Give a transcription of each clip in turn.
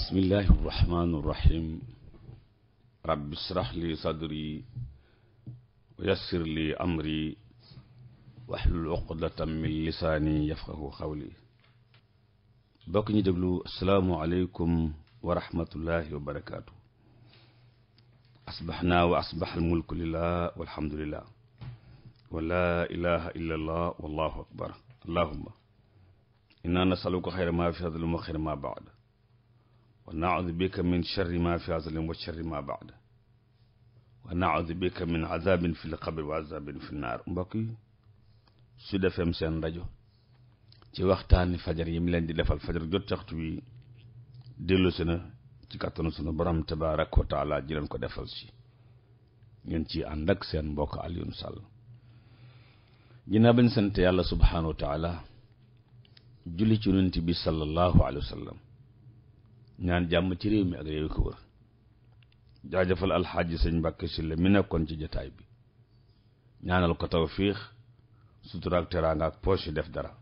bismillahi irrahmani irrahim rabbi israh li sadri wa yassir li amri waxlul uqdatan min lisaani yafqahu xawli bokk ñu déglu asalaamualeykum wa rahmatullahi wa barakaatu asbaxnaa wa asbax almulku lillah walhamdulillah wa laa ilaha illa allah wallahu akbar allahuma inna nasaluka xayra ma fi hada wa xayra ma baad wa naudu bika min sharri ma fi hazalim wa sharri ma baada wa naudu bika min azabin fi lqabri wa azabin fi naar mbokk yi Sud FM seen rajo ci waxtaani fajar yi mu leen di defal fajar jot waxtu wi dellu si na ci kattanu sunu borom tabaaraka wa taala ji ko defal si ngeen ci ànd seen mbokk Alioune Sall ginnaaw sant yàlla subhaanahu wa taala ci yonent bi sallallahu alayhi wa ñaan jàmm ci réew mi ak réew ko wër jaajëfal alxaaji sëñ Mbàkke Sylla mi nekkoon ci jataay bi ñaanal ko tawfiix sutura ak teraanga ak poche def dara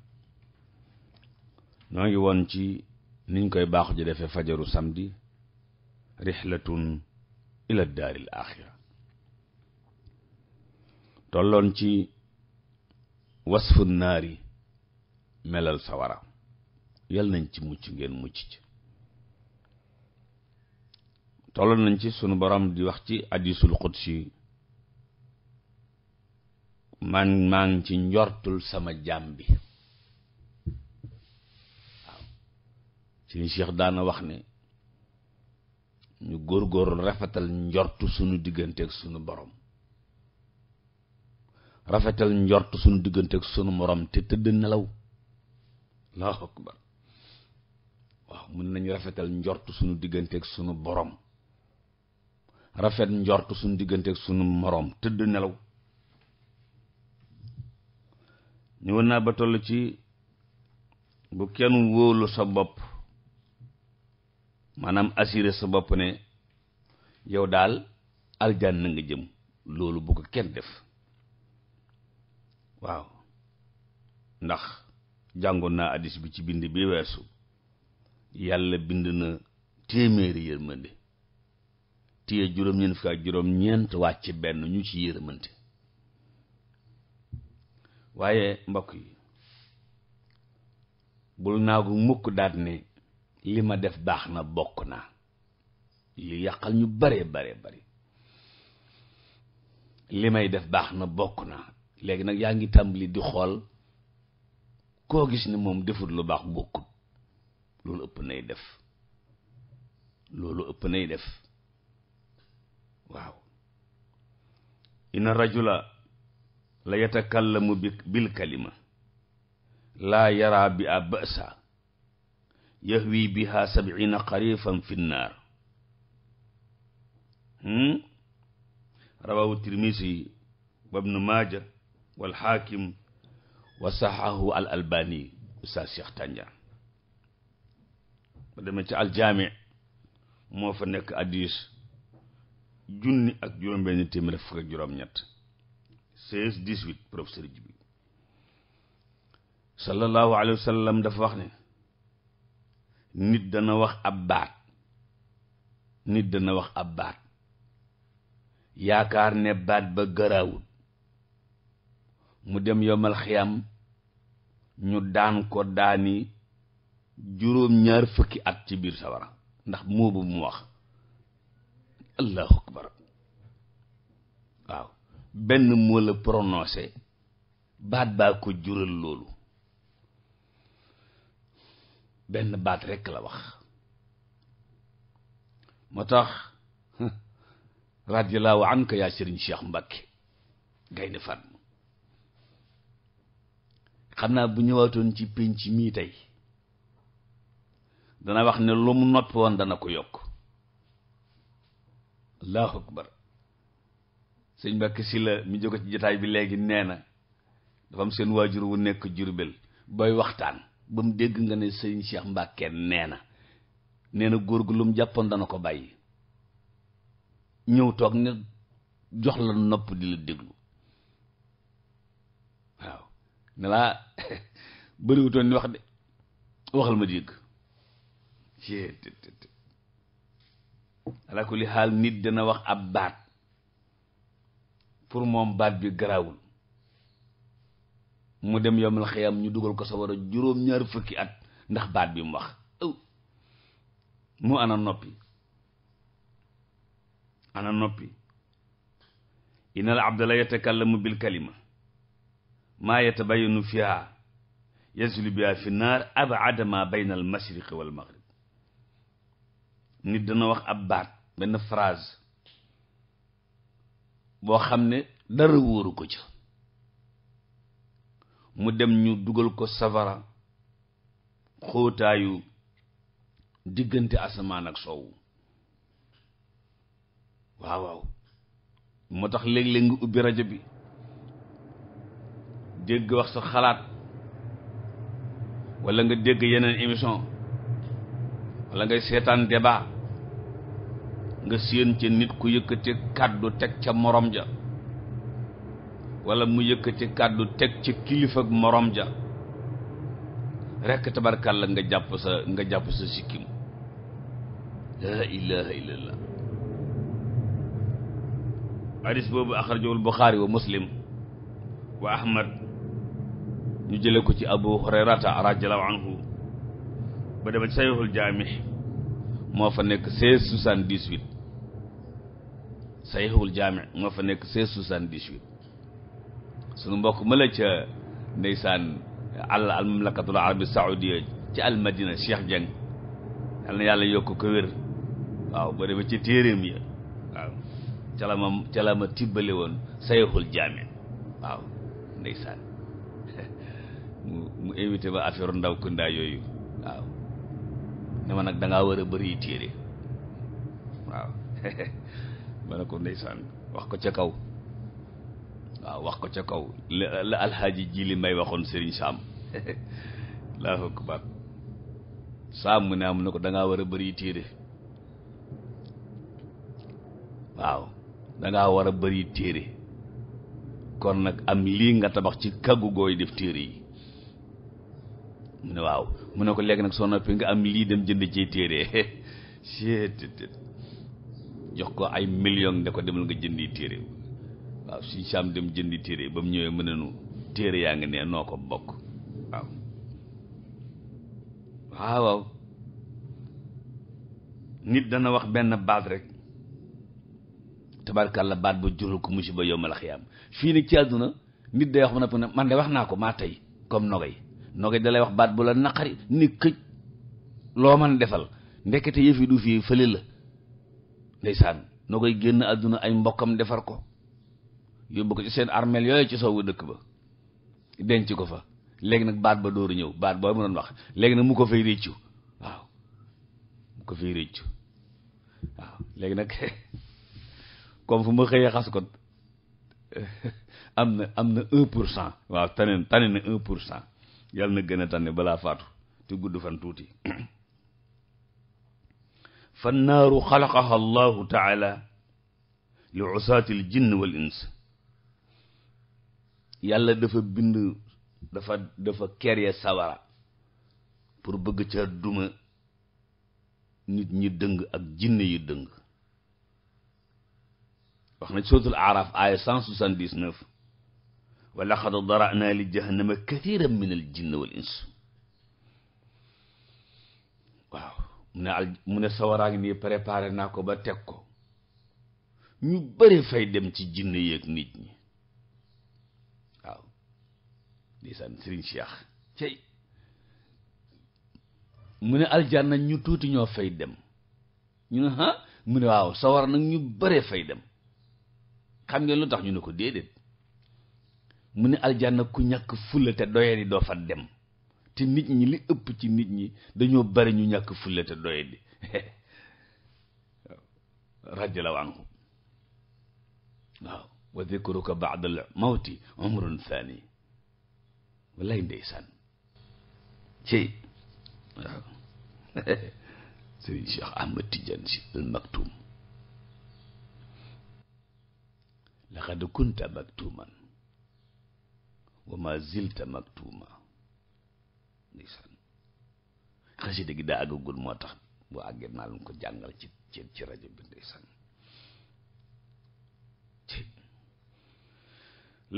noo ngi woon ci niñ koy baaxu ji defee fajaru samedi rixlatun ila daaril axira tolloon ci wasfu naari melal sawara yal nañ ci mucc ngeen mucc ci toll nañ ci sunu borom di wax ci hadisul qudsi man maa ngi ci njortul sama jaam bi waaw suñu Cheikh daana wax ne ñu góor rafetal njortu sunu diggante ak sunu boroom rafetal njortu sunu diggante ak sunu morom te tëdd nelaw allahu akbar waaw mën nañu rafetal njortu sunu diggante ak sunu boroom rafet njort suñ diggante ak sunu moroom tëdd nelaw ñëwoon naa ba toll ci bu kenn wóolu sa bopp maanaam assuré sa bopp ne yow daal na nga jëm loolu bu ko kenn def waaw ndax jàngoon naa addis bi ci bind bi weesu yàlla bind na téeméeri yërmande téye juróom-ñeent wàcc benn ñu ci yërëmante waaye mbokk yi bul naagu mukk daat ne li ma def baax na bokk naa li yàqal ñu bare bare bari li may def baax na bokk naa léegi nag yaa ngi tàmbali di xool koo gis ne moom defut lu baax bokkut loolu ëpp nay def loolu ëpp nay def waaw inna rajula la yatakallamu bi bil kalima laa yara bi a basa yahwi biha sabina xarifan fi nnaar hmm? rawahu tirmisi wa ibnu maaja wal xaakim wa saxahu al albani ustaas Cheikh Tandian ba demee ci aljaami moo fa nekk addis junni ak juróom-benn téeméer fukk ak juróom dafa wax ne nit dana wax ab baat nit dana wax ab baat yaakaar ne baat ba garaawul mu dem yomal xiyam ñu daan ko daani juróom ñaar fukki at ci biir sawara ndax moobu mu wax allahu akbar waaw benn moo la prononcé baat baa ko jural loolu benn baat rekk la wax moo tax radiyallahu anka yaa sëriñ Cheikh Mbacké Gaynde Fatma xam naa bu ñëwaatoon ci pénc mii tey dana wax ne lu mu noppi woon dana ko yokk allahu akbar sëñ Mbàkke si la jóge ci jotaay bi léegi nee na dafa am seen waajur wu nekk Jurbel booy waxtaan ba mu dégg nga ne sëñ Cheikh Mbàkke nee na nee na góor gu lu mu jàppoon dana ko bàyyi ñëw toog ne jox la nopp di la déglu waaw ne laa ni wax de waxal ma dégg ala kulli xaal nit dana wax ab baat pour moom baat bi garaawul mu dem yomal xiyam ñu dugal ko sa war a juróom-ñaar fukki at ndax baat bi mu wax ëw mu ana noppi ana noppi inal abda la yatakallamu bil kalima maa yatabayanu fiha yasulu biha fi naar abada ma bayna al mashriqi wal maghrib nit dana wax ab baat benn phrase boo xam ne dara wóoru ko ca mu dem ñu dugal ko safara xóotaayu diggante asamaan ak soow waaw waaw moo tax léeg-léeg nga ubbi rajo bi dégg wax sa xalaat walla nga dégg yeneen émission walla ngay seetaan débat nga séen ca nit ku yëkkati kàddu teg ca morom ja walla mu yëkkati kàddu teg ca kilifa ak morom ja rekk tabarkàlla nga jàpp sa nga jàpp sa sikkim laa ilaha illallah hadis boobu axrajowul buxaari wa muslim wa ahmad ñu jële ko ci abu hurayrata radiallahu anhu ba dema ci sayxul jaami moo fa nekk seize soixante sayxul jaami moo fa nekk seize soixante-dix-huit sunu mbokk ma ca ndeysaan àll al mamlakatul arabi saoudia ci al madina Cheikh Dieng yal na yàlla yokk ko wér waaw boo demee ci téeréem ya la ma ca woon sayxul ndeysaan mu mu invité ba affaire ndaw kundaa yooyu waaw ne ma nag da ngaa war a ma ne ko ndeysaan wax ko ca kaw waaw wax ko ca kaw la alxaaji ji li may waxoon sëriñ saam laa fokk baat saam mu ne am na ko dangaa war a bari téere waaw dangaa war a bari téere kon nag am lii nga tabax ci kaggu gooy def téere yi mu ne waaw mu ne ko léegi nag soo noppee nga am lii dem jënd ci téere jox ko ay million ne ko demal nga jëndi téere waaw si saam dem jëndi téere ba mu ñëwee mën nañu téere yaa ngi ne noo ko bokk waaw waaw waaw nit dana wax benn baat rek tabarkalla baat bu jural ko musiba yowmal xiyaam fii nag ci àdduna nit day wax ma ne man de wax naa ko maa tey comme nogay nogay dalay wax baat bu la naqari ni këj loo mën defal ndekete yëf du fii fële la ndeysaan noo koy génn àdduna ay mbokkam defar ko yóbbu ko ci seen armeel yooyu ci soowu dëkk ba denc ko fa léegi nag baat ba dooru ñëw baat boo mu a wax léegi nag mu ko fay réccu waaw mu ko fay réccu waaw léegi nag comme fu ma xëyee xas ko am na am na un pour cent waaw tane tane na un pour cent yàlla na gën a tane balaa faatu te gudd fan tuuti fa naaru xalaqaha allahu taala li usaati l jinn wal ins yàlla dafa bind dafa dafa kerye sawara pour bëgg ca duma nit ñi dëng ak jinne yi dëng wax na suratul araf aaya cent soixante-dix-neuf wa laqad dara'na li jahannama kathiran min al jinn wal ins mu ne al mu ne sawaraak nii préparé naa ko ba teg ko ñu bari fay dem ci jinne yeeg nit ñi waaw di san Serigne Cheikh cey mu ne aljanna ñu tuuti ñoo fay dem ñu ne ha mu ne waaw sawar ñu bëree fay dem xam ngeen lu tax ñu ne ko déedéet mu ne aljanna ku ñàkk fulla te yi doo fa dem te nit ñi li ëpp ci nit ñi dañoo bari ñu ñàkk fulla te doyadi radiyallahu anhu waaw wa dhikruka ba'da al-mawti umrun thani wallaay ci waaw sëriñ Cheikh Ahmad Tidiane si al laqad kunta maktuman wa ma zilta maktuma ndeysaan gi daa àggagul moo tax boo àggee naa leen ko jàngal ci ci rajo bi ndeysaan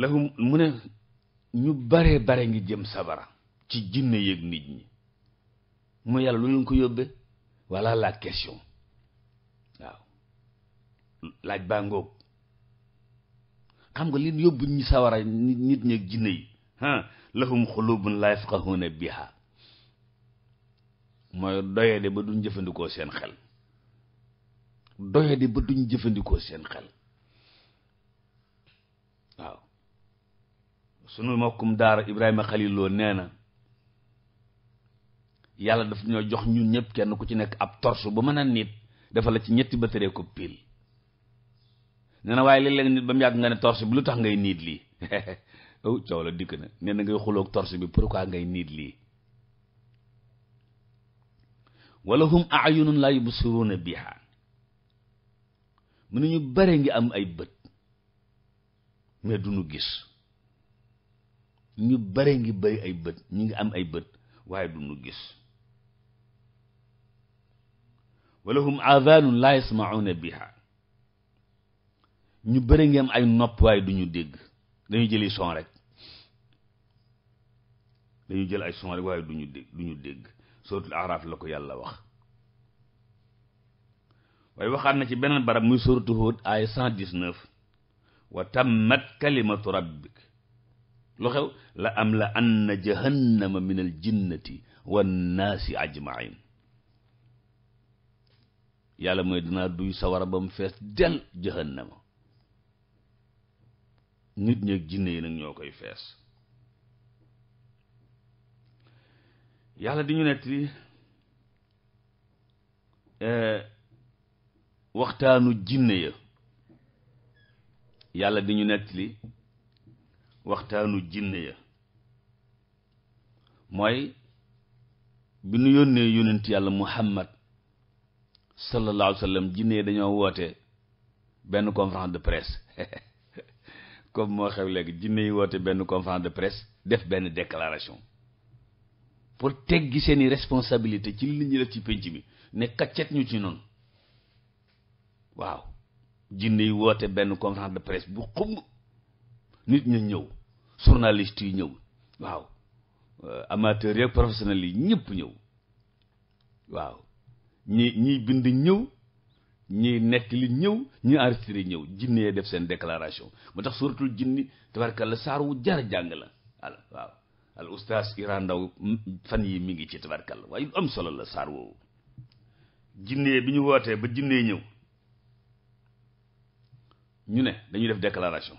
lahum mu ne ñu bare bare ngi jëm sabara ci jinne yëg nit ñi mu yàlla lu leen ko yóbbee voilà la question waaw laaj baa ngoog xam nga leen yóbbu ñi sawara nit ñi ak jinne yi lahum xulubun laa yafqahuuna biha mooy doyade ba duñ jëfandikoo seen xel doyade ba duñ jëfandikoo seen xel waaw sunu mokkum daara Ibrahima Xalil Lo nee na yàlla daf ñoo jox ñun ñëpp kenn ku ci nekk ab torche bu mën a nit dafa ci ñetti batterie ko pile nee na waaye léeg-léeg nit ba mu yàgg nga ne torche bi lu tax ngay niit lii Oh, aw coow la dikk na nee na ngay xuloog torse bi pourquoi ngay niit lii wala hum ayunun laa yubsiruuna biha mu ne ñu bare ngi am ay bët mais du gis ñu bare ngi bëri ay bët ñu ngi am ay bët waaye du gis wala hum aadanun laa yasmacuuna biha ñu bare ngi am ay nopp waaye du dégg dañuy jëli son rek dañuy jël ay son rek waaye duñu dégg duñu dégg suratul araf la ko yàlla wax waaye waxaat na ci beneen barab muy suratu Hud ay cent dix-neuf wa tammat kalimatu rabbik lu xew la am la anna jahannama min al jinnati wannaasi ajmain yàlla mooy dinaa duy sawara ba mu fees del jahannama nit ñeeg jinne yi nag ñoo koy fees yàlla di ñu nettali eh, waxtaanu jinne yàlla di ñu nettali waxtaanu jinne ya mooy bi nu yónnee yonent yàlla muhammad sallallahu alayhi wa sallam jinne ya dañoo woote benn conférence de presse comme moo xew léegi jinne yi woote benn conférence de presse def benn déclaration pour gi seeni responsabilité ci li ñu def ci pénc bi ne kaccet ñu ci noonu waaw jinne yi woote benn conférence de presse bu xumb nit ñu ñëw journaliste yi ñëw waaw euh, amateurs yeeg professionnels yi ñëpp ñëw waaw ñi ñiy bind ñëw ñi nekk li ñëw ñi enregistré ñëw jinne yee def seen déclaration moo tax suratul jinni tabarkalla saar wu jar jàng la al waaw al ustaas Iran Ndaw fan yi mi ngi ci tabarkalla waaye lu am solo la saar woowu jinne bi ñu wootee ba jinne ñëw ñu ne dañuy def déclaration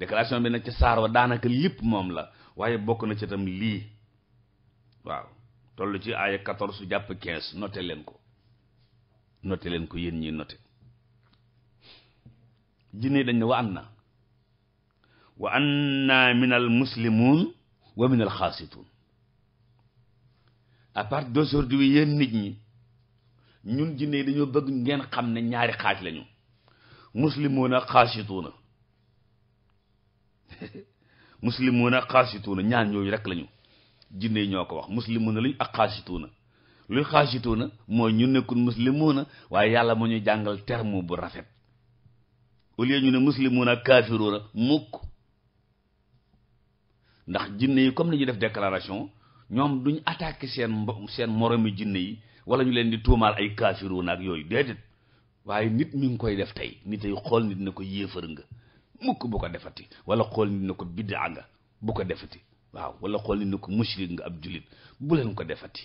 déclaration bi nag ca saar wa daanaka lépp moom la waaye bokk na ci tam lii waaw toll ci aaya quatorze su jàpp quinze noté leen ko note leen ko yéen ñi note jinne dañ ne wa anna wa anna min al muslimun wa min al xaasitun à partir d'aujourd'hui yéen nit ñi ñun jinne yi dañoo bëgg ngeen xam ne ñaari xaaj lañu muslimuna xaasituna muslimuna a ñaar ñooñu rek lañu jinne yi ñoo ko wax muslimuna lañu ak xaasituna luy na mooy ñu nekkul muslimuuna waaye yàlla mu ñu jàngal terme bu rafet au lieu ñu ne muslimuuna ak kaafiruuna mukk ndax jinne yi comme ni ñu def declaration ñoom duñ attaquer seen mbo seen moromi jinne yi wala ñu leen di tuumaal ay kaafiruuna ak yooyu déedéet waaye nit mi ngi koy def tey nit ay xool nit ne ko yéefar nga mukk bu ko defati wala xool nit ne ko biddaa nga bu ko defati waaw wala xool nit ne ko mushrik nga ab jullit bu leen ko defati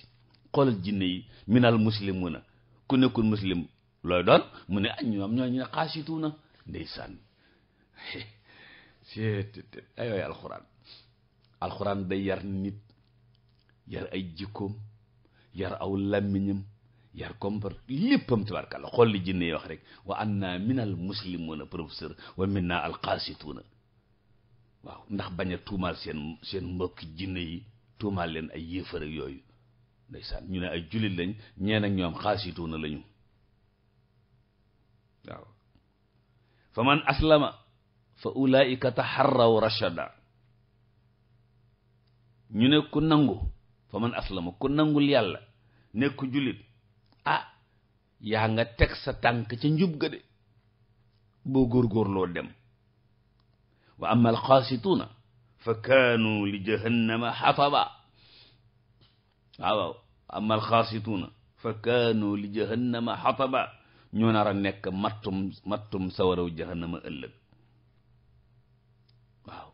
xoolal jinne yi minal muslimuna ku nekkul muslim looy doon mu ne añ ñoom ñoo ñu ne xaasituuna ndeysaan ay waay alxuraan alxuraan day yar nit yar ay jikkoom yar aw làmmiñam yar kombar léppam tabarkàlla xool li jinne wax rek wa anna minal muslimuna professeur wa minna alqaasituuna waaw ndax bañ a tuumaal seen seen mbokki jinne yi tuumaal leen ay yéefar ak yooyu ndeysaan ñu ne ay jullit lañ ñeen ak ñoom xaasituuna lañu waaw fa man aslama fa ulaika taharraw rashada ñu ne ku nangu fa man aslama ku nangul yàlla nekk jullit ah yaa nga teg sa tànk ci njub ga de boo góorgóorloo dem wa amma alxaasituuna fa kaanu li jahannama xataba waaw waaw ama alxaasituuna fa kaanu li jahannama xataba ñoo nar a nekk mattum mattum sawaraw jahannama ëllëg waaw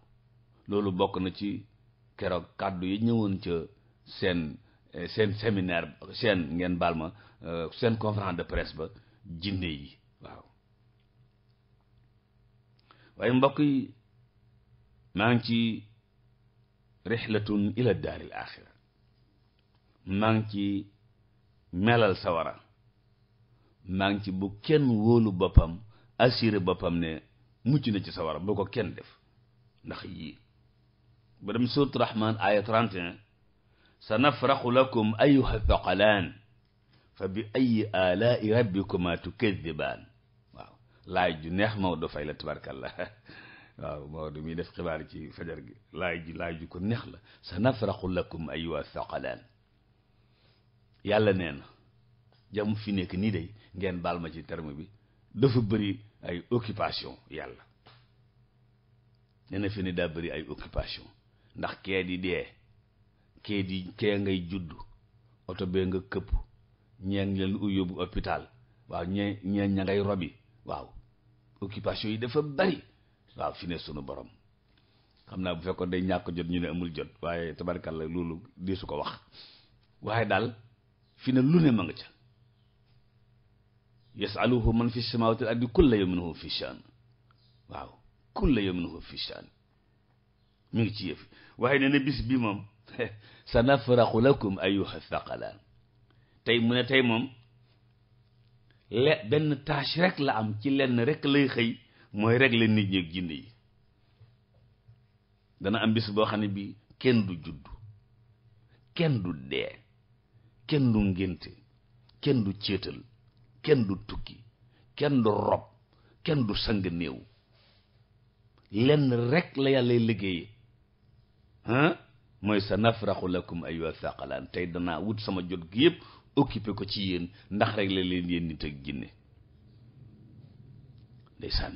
loolu bokk na ci keroog kàddu yi ñëwoon ca seen eh, seen séminaire seen ngeen baal ma eh, seen conférence de presse ba jinde yi waaw waaye mbokk yi maa ngi ci rixlatun ila daaril axira maa ngi ci melal sawara maa ngi ci bu kenn wóolu boppam assuré boppam ne mu ci na ci sawara boo ko kenn def ndax yii ba dem surat rahman aya 31 sa nafraxu lakum ayuha thaqalaan fa bi ayi alaai ju neex Maodo fay la tabarkallah waaw Maodo mi def xibaar ci fajar gi laaj ju laaj ko neex la sa nafraxu lakum ayuha thaqalaan yàlla nee na jam fi nekk nii de ngeen baal ma ci terme bi dafa bëri ay occupation yàlla nee na fi ne daa bëri ay occupation ndax kee di dee kee di kee ngay juddu oto bee nga këpp ñee ngi leen yóbbu ña ngay robi waaw occupation yi dafa bari waaw fi ne sunu borom xam naa bu fekkoon day ñàkk jot ñu ne amul jot waaye tabarkalla loolu di su ko wax waaye daal fi ne lu ne ma nga ca yasaluhu man fi samawati ardi kulla yawmin huwa fi shaan waaw kulla yawmin huwa fi shaan mi ngi ci yëf waaye nee na bis bi moom sanafraxu lakum ayyuha thaqalaan tey mu ne tey moom benn tâche rek la am ci lenn rek lay xëy mooy régler nit ñi ak jinne yi dana am bis boo xam ne bi kenn du judd kenn du dee kenn du ngénte kenn du céetal kenn du tukki kenn du rob kenn du sang néew lenn rek la yàlla liggéeye mooy sa nafraxu lakum ayuha thaqalaan tey danaa wut sama jot gi yëpp occupé ko ci yéen ndax régler leen yéen nit ak jinne ndeysaan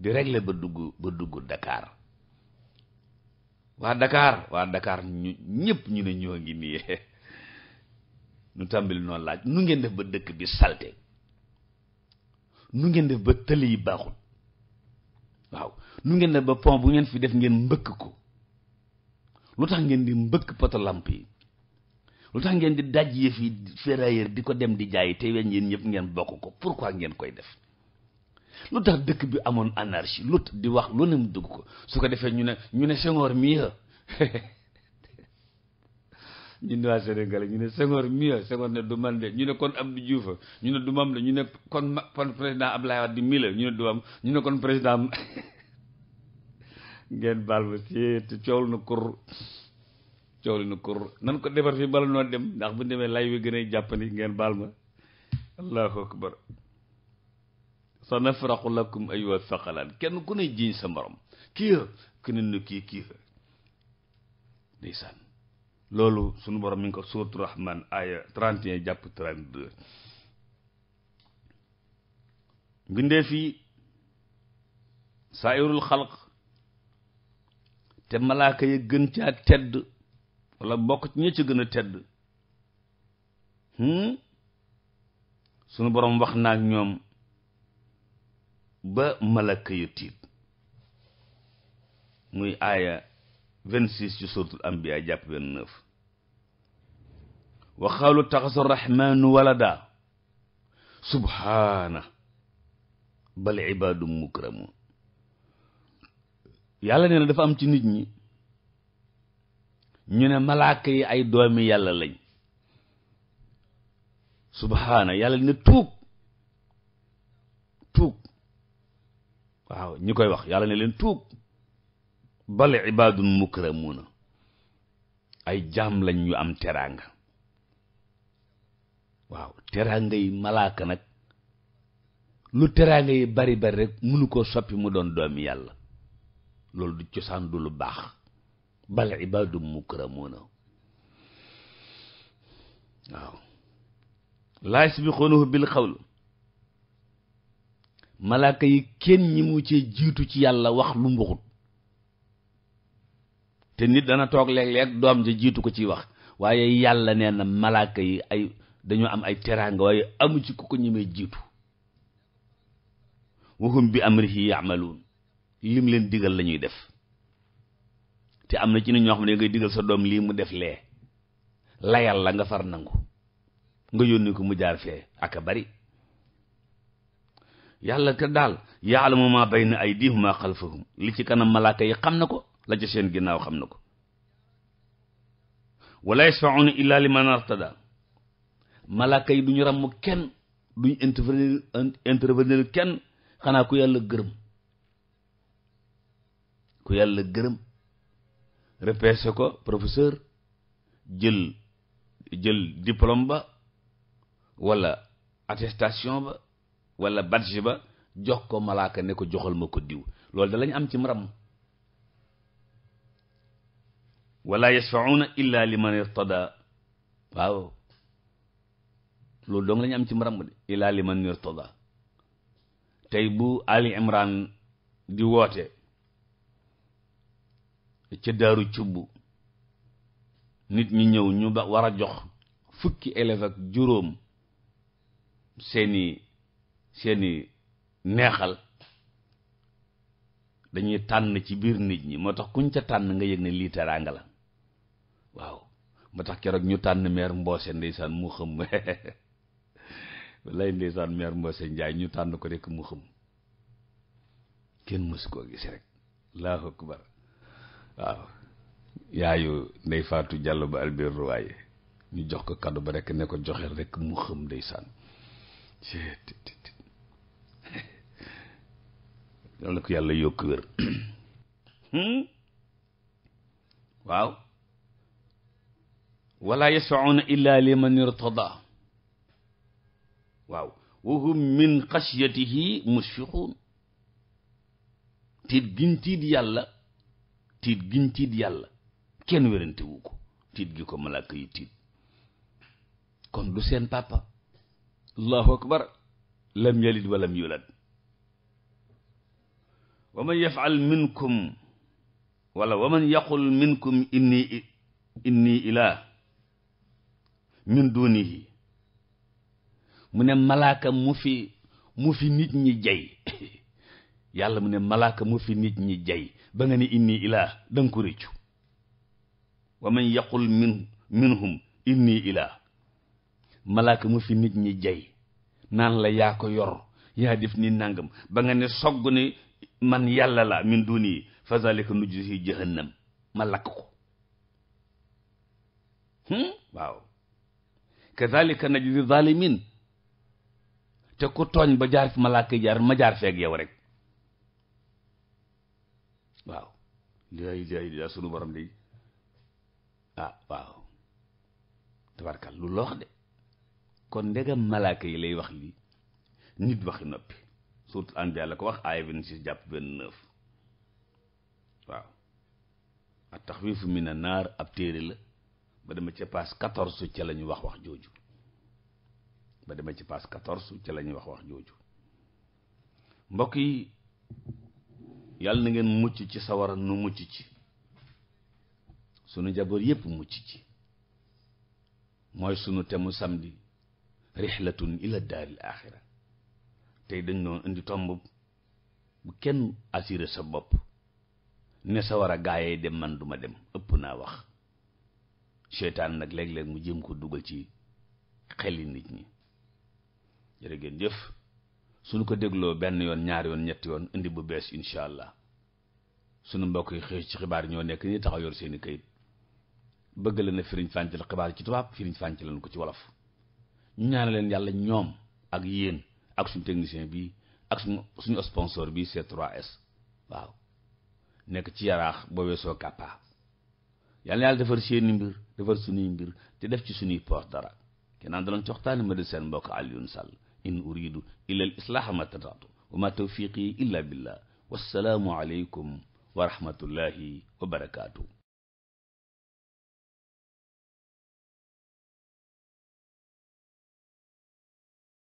di régler ba dugg ba dugg Dakar waa Dakar waa Dakar ñu ñu ne ñoo ngi nii nu tàmbali noonu laaj nu ngeen def ba dëkk bi salte nu ngeen def ba tëli yi baaxul waaw nu ngeen def ba pont bu ngeen fi def ngeen mbëkk ko lu tax ngeen di mbëkk poto làmp yi lu tax ngeen di daj yëf yi ferrailleur di ko dem di jaay te weñ yéen ñëpp ngeen bokk ko pour pourquoi ngeen koy def lu tax dëkk bi amoon anarchie lu di wax lu ne mu dugg ko su ko defee ñu ne ñu ne Senghor mii ñun waa Sénégal ñu ne Senghor mii Senghor ne du man de ñu ne kon Abdou Diouf ñu ne du mam la ñu ne kon kon président Abdoulaye di mii la ñu ne du am ñu ne kon président ngeen baal ma si te coow na kur coow na kur nan ko defar fi bala noo dem ndax bu demee lay wi gën a jàppandi ngeen baal ma allahu akbar sa nafraqu lakum ayyuha thaqalaan kenn ku ne jiiñ sa morom kii kii kii kii ndeysaan loolu sunu borom mi ngi ko suuratu Rahmaan aaya 31 jàpp 32 mbindeef yi saayirul xalq te malaaka yi gën caa tedd walla bokk ci ñi ci gën a tedd hmm? sunu borom wax na ak ñoom ba malaaka yu tiit muy aaya 26 ci suratul bi jàpp 29 wa qaalu taxasa rahmaanu walada subhaana bal ibaadum mukramun yàlla nee na dafa am ci nit ñi ñu ne malaaka yi ay doomi yàlla lañ subhaana yàlla ne tuug tuug waaw ñi koy wax yàlla ne leen tuug bal ibaadun mukramuuna ay jaam lañ yu am teraanga waaw teraanga yi malaaka nag lu teraanga yi bari bari rek munu koo soppi mu doon doom yàlla loolu du cosaan du lu baax bal ibaadun mukramuuna waaw laa yasbiquunahu bil qawl malaaka yi kenn ñi mu cee jiitu ci yàlla wax lu mbuxut te nit dana toog léeg-léeg doom ja jiitu ko ciy wax waaye yàlla nee na malaaka yi ay dañoo am ay teraanga waaye amu ci ku ko ñemee jiitu wahum bi amrihi ya'maluun lim leen digal la ñuy def te am na ci nit ñoo xam ne ngay digal sa doom lii mu def lee la yàlla nga far nangu nga yónni ko mu jaar fee ak bari yàlla te daal ya'lamu ma bay na ay ma xalfahum li ci kanam malaaka yi xam na ko la ca seen ginnaaw xam na ko wala yasfauna illa liman artada malaaka yi du ñu ràmm kenn duñ intervenir intervenir kenn xanaa ku yàlla gërëm ku yàlla gërëm repêché ko professeur jël jël diplôme ba wala attestation ba wala badge ba jox ko malaaka ne ko joxal ma ko diw loolu da lañu am ci maram wala yasfa'una illa liman irtada waaw loolu dong la ñu am ci mbaram de illa liman irtada tey bu Ali Imran di woote ca daaru cubb nit ñi ñëw ñu ba war a jox fukki élève ak juróom seeni seeni neexal dañuy tànn ci biir nit ñi moo tax kuñ ca tànn nga yëg ne lii teraanga la waaw ma tax keroog ñu tànn meer mboose ndeysaan mu xëm lay ndeysaan meer mboose njaay ñu tànn ko rek mu xëm kenn mësu koo gis rek allahu faatu jàll jox ko kàddu ba rek ne ko joxeel rek mu xëm ndeysaan yal na ko yàlla yokk wér hmm? waaw wala yasma'una illa liman irtada waaw wa hum min xashyatihi mushfiqun tiit giñ tiit yàlla tiit giñ tiit yàlla kenn werante wu ko tiit gi ko malaaka yi tiit kon du seen papa allahu akbar lam yalid wa lam yulad wa man yafal minkum wala wa man yaqul minkum inni inni ilah min dunihi mu ne malaaka mu fi mu fi nit ñi jay yàlla mu ne malaaka mu fi nit ñi jay ba nga ne inni ilaa danga ko réccu wa man yaqul min minhum inni ilaa malaaka mu fi nit ñi jay naan la yaa ko yor yaa def ni nangam ba nga ne sogg ni man yàlla la min duni fa zalika nujzihi jahannam ma lakk ko hmm? waaw kazalika najzi zalimin te ku tooñ ba jaar fi malaaka yi jaar ma jaar feeg yow rek waaw lay lay lay sunu borom di ah waaw tabarkal lu loox de kon ndegam malaaka yi lay wax li nit waxi noppi surtout Anbiya la ko wax aaya vingt-six jàpp vingt-neuf waaw at taxwiifu mina naar ab téere la ba dama ca paas quatorze ca la ñu wax wax jooju ba dama ci paas quatorze ca la ñu wax wax jooju mbokk yi yàlla na ngeen mucc ci sawara nu mucc ci sunu njaboot yépp mucc ci mooy sunu temu samedi rixlatun ila daaril axira tey dañ doon indi tomb bu kenn assuré sa bopp ne sawara gaayay dem man duma dem ëpp naa wax seytaan nag léeg-léeg mu jëm ko dugal ci xeli nit ñi jërë geen jëf suñu ko dégloo benn yoon ñaar yoon ñetti yoon indi bu bees incha allah suñu mbokk yi xëy ci xibaar ñoo nekk ñi taxaw yor seeni kayit bëgg la na firiñ fànc la xibaar ci tubaab firiñ fànc lañ ko ci wolof ñu ñaana leen yàlla ñoom ak yéen ak suñu technicien bi ak suñu suñu sponsor bi C3S waaw nekk ci yaraax boo weesoo kàppaa yal na yàlla defar seeni mbir defar suñuy mbir te def ci suñuy poos dara kenaan daloon coxtaani ma di seen mbokk Alioune Sall in uridu illa al islaaha ma tataatu wa ma tawfiqi illa billah wassalaamu aleykum wa rahmatullahi wa barakaatu